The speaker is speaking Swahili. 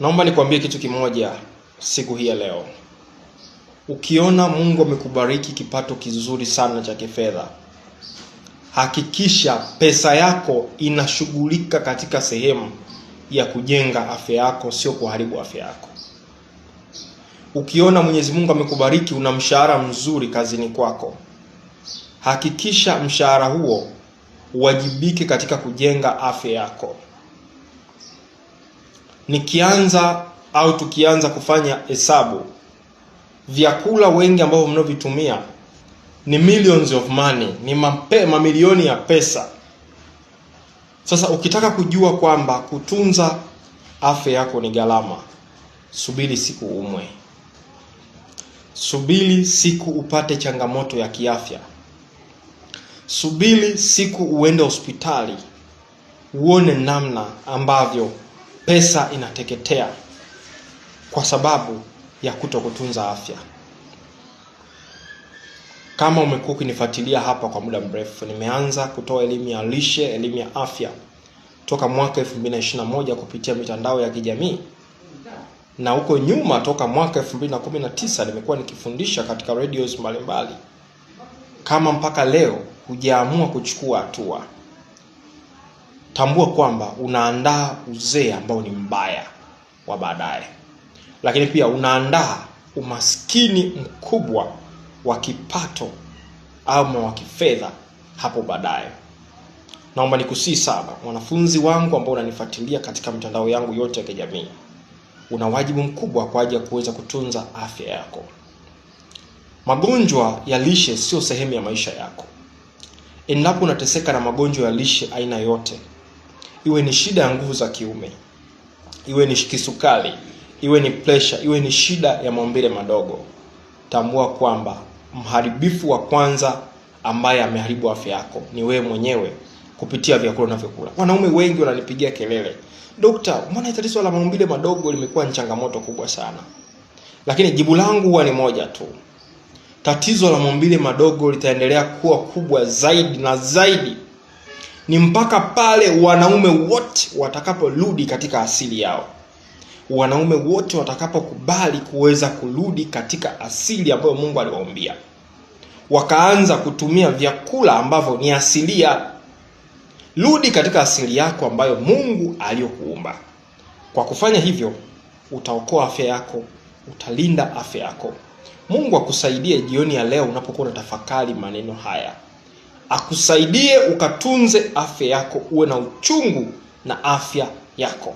Naomba nikwambie kitu kimoja siku hii ya leo. Ukiona Mungu amekubariki kipato kizuri sana cha kifedha, hakikisha pesa yako inashughulika katika sehemu ya kujenga afya yako, sio kuharibu afya yako. Ukiona Mwenyezi Mungu amekubariki una mshahara mzuri kazini kwako, hakikisha mshahara huo uwajibike katika kujenga afya yako nikianza au tukianza kufanya hesabu, vyakula wengi ambavyo mnaovitumia ni millions of money, ni mape, mamilioni ya pesa. Sasa ukitaka kujua kwamba kutunza afya yako ni gharama, subiri siku umwe, subiri siku upate changamoto ya kiafya, subiri siku uende hospitali uone namna ambavyo pesa inateketea kwa sababu ya kuto kutunza afya. Kama umekuwa ukinifuatilia hapa kwa muda mrefu, nimeanza kutoa elimu ya lishe, elimu ya afya toka mwaka 2021 kupitia mitandao ya kijamii na huko nyuma toka mwaka 2019 nimekuwa nikifundisha katika radios mbalimbali. Kama mpaka leo hujaamua kuchukua hatua tambua kwamba unaandaa uzee ambao ni mbaya wa baadaye, lakini pia unaandaa umaskini mkubwa wa kipato ama wa kifedha hapo baadaye. Naomba nikusii sana mwanafunzi wangu ambao unanifuatilia katika mitandao yangu yote ya kijamii, una wajibu mkubwa kwa ajili ya kuweza kutunza afya yako. Magonjwa ya lishe sio sehemu ya maisha yako. Endapo unateseka na magonjwa ya lishe aina yote iwe ni shida ya nguvu za kiume, iwe ni kisukari, iwe ni presha, iwe ni shida ya maumbile madogo, tambua kwamba mharibifu wa kwanza ambaye ameharibu afya yako ni wewe mwenyewe kupitia vyakula unavyokula. Wanaume wengi wananipigia kelele, dokta, mbona tatizo la maumbile madogo limekuwa ni changamoto kubwa sana? Lakini jibu langu huwa ni moja tu, tatizo la maumbile madogo litaendelea kuwa kubwa zaidi na zaidi ni mpaka pale wanaume wote watakaporudi katika asili yao wanaume wote watakapokubali kuweza kurudi katika asili ambayo mungu aliwaumbia wakaanza kutumia vyakula ambavyo ni asilia rudi katika asili yako ambayo mungu aliyokuumba kwa kufanya hivyo utaokoa afya yako utalinda afya yako mungu akusaidie jioni ya leo unapokuwa unatafakari maneno haya akusaidie ukatunze afya yako, uwe na uchungu na afya yako.